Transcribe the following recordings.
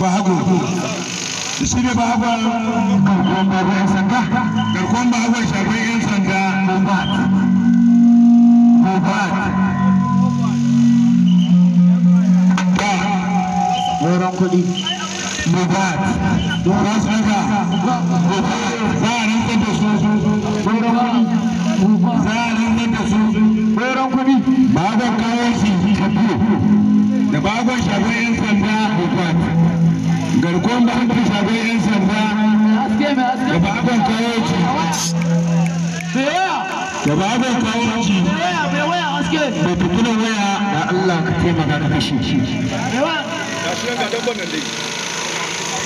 bahago shi ne bahagon garkuwan babu yan sanda garkuwan bahagon shafin yan sanda bobat bobat ba moran kuɗi bobat don rasu daga bobat mai fitilan waya da Allah ka taimaka ka kashe shi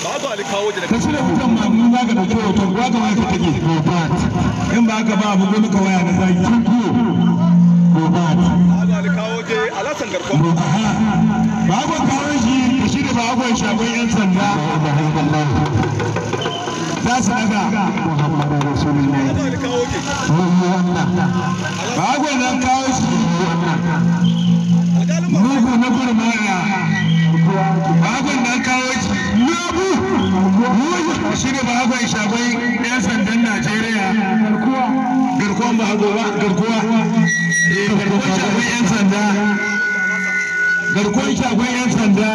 babu alkawo da ka shirya hoton ma mun za ka dauki hoton ko ka waya ka take ka waya na zai tuku ko bat babu da ba ko kawo shi ka shirya ba ko shagon yan sanda za su daga muhammadu rasulullahi nan kawo shi mugu na gurmaya bagon da kawo ci lobu shi ne bagon shagwai ɗan sandan najeriya garkuwan bagowa garkuwa eh, sanda garkuwan shagwai ɗan sanda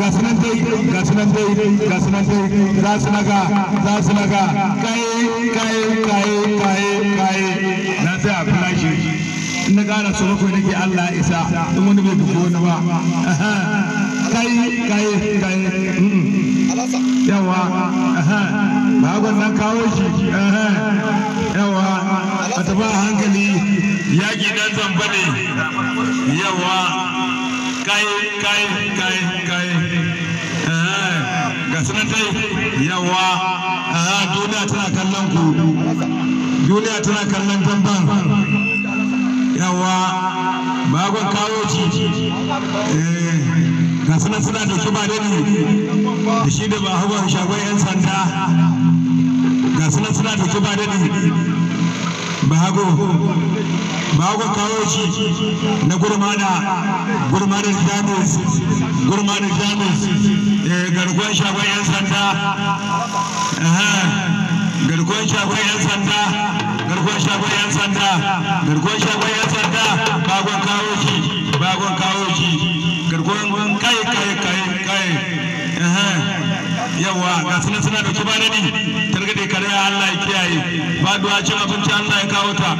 ga sunan dai ga sunan dai ga sunan na sai na gara su bakwai nake Allah isa in wani bai bugo wani ba kai kai yawa kawo yawa a hankali yaƙi dan zamba ne yawa ga sunan dai yawa duniya tana kallon ku duniya tana kallon damban yawa magon kawo ci eh, ga sunan suna da ba da da shi da ba hawa shagon yan sanda ga sunan suna da ba da bago bago kawo ci na gurmana gurmanar jamus gurmanu jamus eh, garkuwar shagon yan sanda garkuwar shagon yan sanda garkuwar shagon yan sanda garkuwar shagon yan sanda bagon kawo shi bagon kawo shi yawa ga sunan suna dauke ba dadi targade kare Allah ya kiyaye faduwa ce abinci Allah ya kawo ta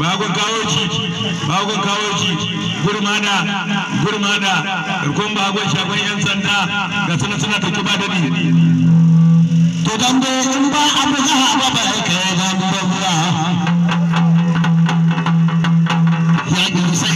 ba gun kawo ci ba gun kawo ci gurmada gurmada kun ba gun shagon yan sanda ga sunan suna dauke ba ni. to dambe in ba abu za a ba ba kai dambe ba ya ki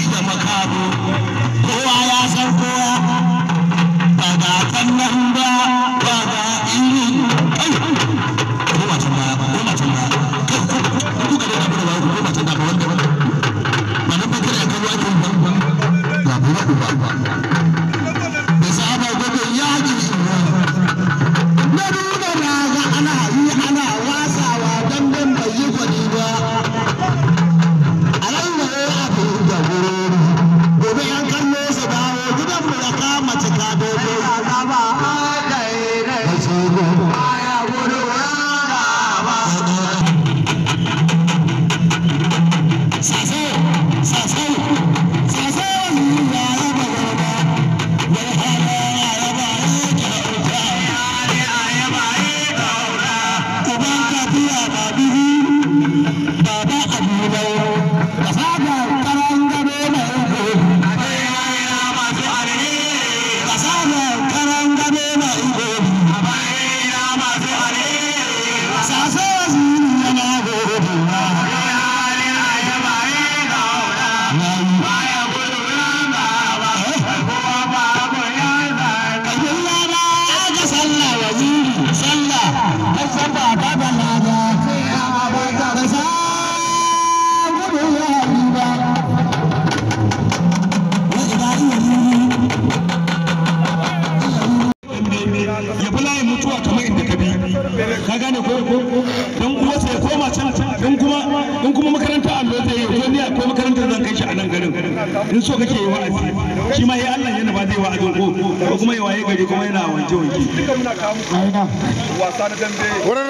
wasa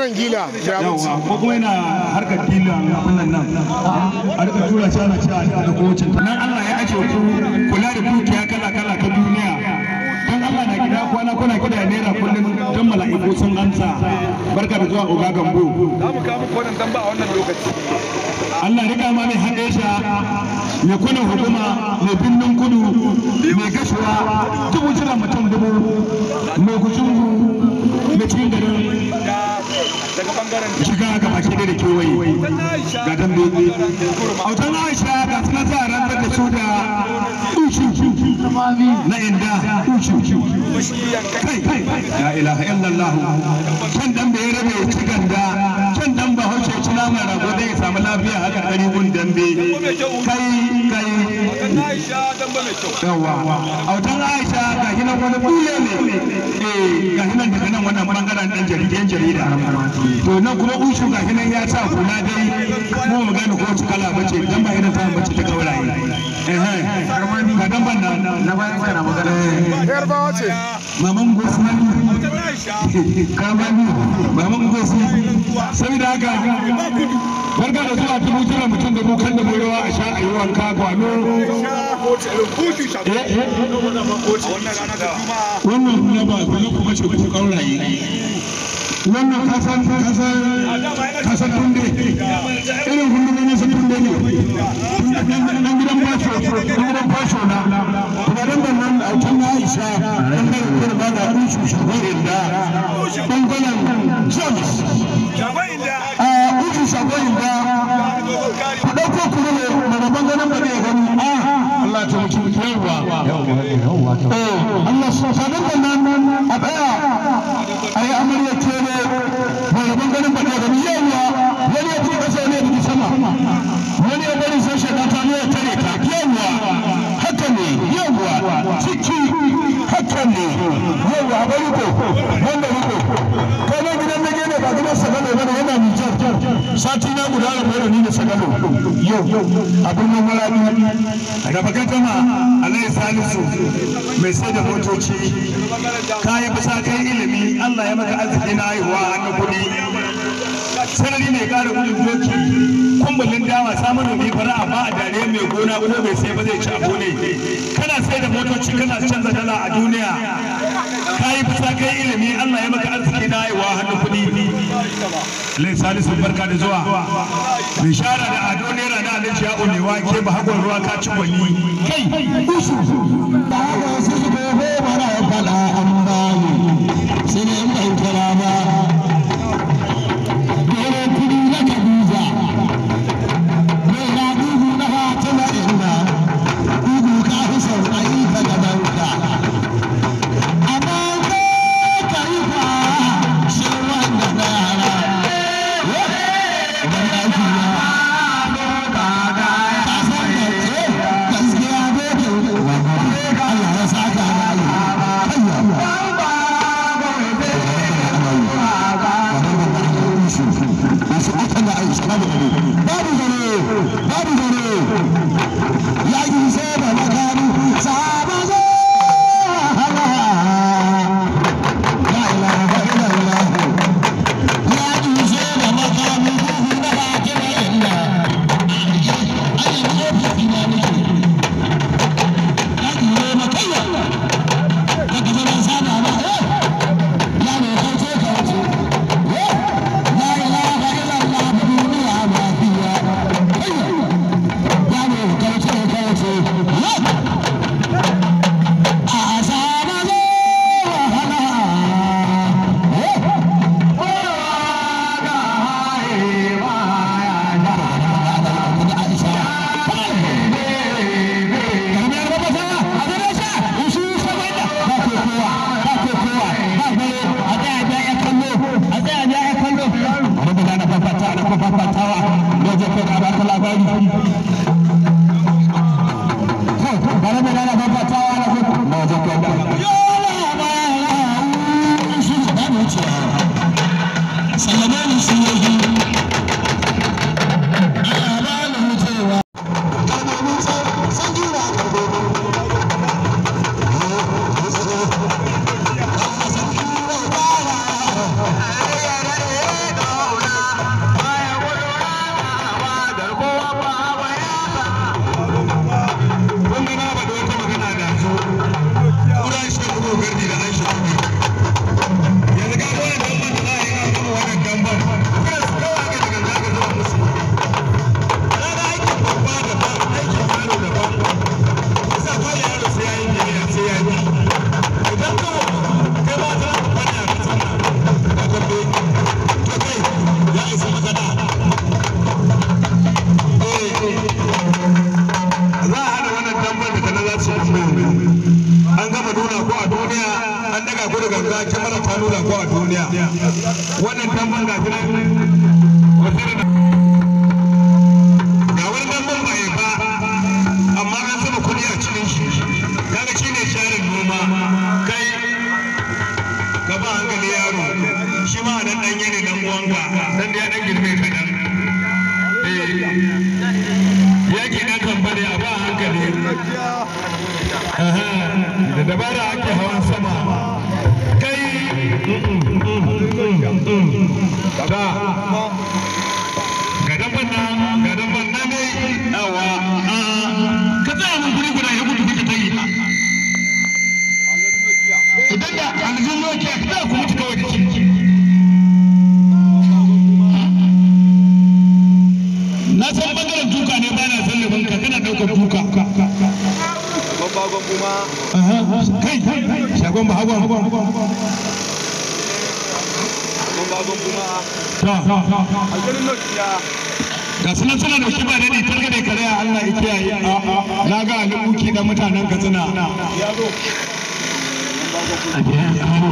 rangila kuma yana harkar nan a rika tura shi ana da nan Allah ya ake kula da dukiya mala'iku sun amsa barka da zuwa oga gambo za kawo muku wannan dan a wannan lokaci Allah rika ma mai haɗe sha mai kunan hukuma mai binnin kudu mai gashuwa dubu jiran mutum dubu mai gujungu mai cikin garin daga bangaren shiga ga baki da kewaye ga dambe wutan aisha ga sunan za a rantar da su da ushi na inda kucu kai kai ilaha illallah can dan bai rabe ci ganda can dan ba hauce ci naman rago dai ya samu lafiya haka ɗari gun dambe yawa autan aisha ga hinan wani bule ne eh ga hinan daga nan wannan bangaren dan jaridan jarida to nan kuma ushu ga hinan ya sa kula dai mu mu gane ko kala bace dan ba irin ta bace ta gauraye eh eh ga dan ban nan na bayan kana magana eh. yarbawa ce maman gosmani kamani maman gosmani saboda haka barka da zuwa tubu tura mutum da bukan da mai a sha a yi wanka gwano Eh, eh, eh. wannan rana kuma ba ba kuma ce ku kauraye wannan kasan kasan kasan tunde irin sun tunde ne favor, sati na guda da ni da sagalo yau abin nan marabi daga bakatama alai salisu mai sai da motoci ka yi bisa kai ilimi Allah ya maka arziki na haihuwa hannun kuɗi sarari mai ƙara gudun doki kumbalin dawa samun rumi fara amma a dare mai gona ko mai sai ba zai ci abu ne kana sai da motoci kana canza dala a duniya ka yi bisa kai ilimi Allah ya maka arziki na haihuwa hannun kuɗi lai salisu barka da zuwa bishara da ado naira na alhaji ya olewa ke ba hagon ruwa ka ci gwani kai usu ba ga su su bai bai fada an ba ni sai ne in ban mai kaɗan a ba hankali dabara ake hawan sama kai hawa ga sunan suna da kiba da ne targa da kare a Allah ya kiyaye na ga alimuki da mutanen katsina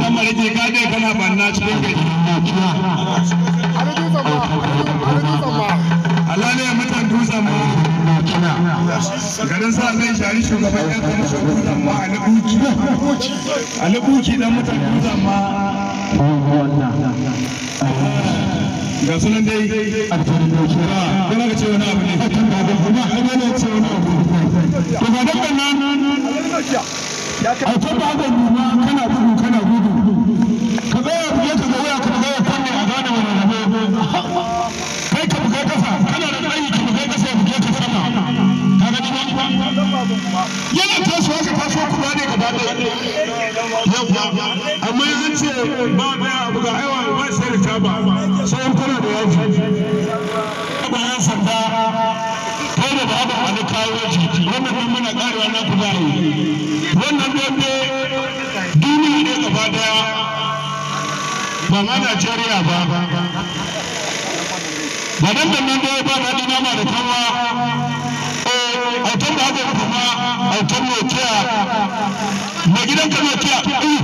dan marike ka dai kana banna cikin gari Allah ne mutan dutsen ma garin sa zai shari shugaban yan ma alabuki alabuki dan mutan ma ga sunan dai a cikin doki ga cewa abu ne fatan kuma cewa abu ne to ga dukkan nan a cikin ba da Najeriya ba ba nan da nan dai ba na dina ma da kanwa eh autan ba da kuma autan Nokia mai gidan ka Nokia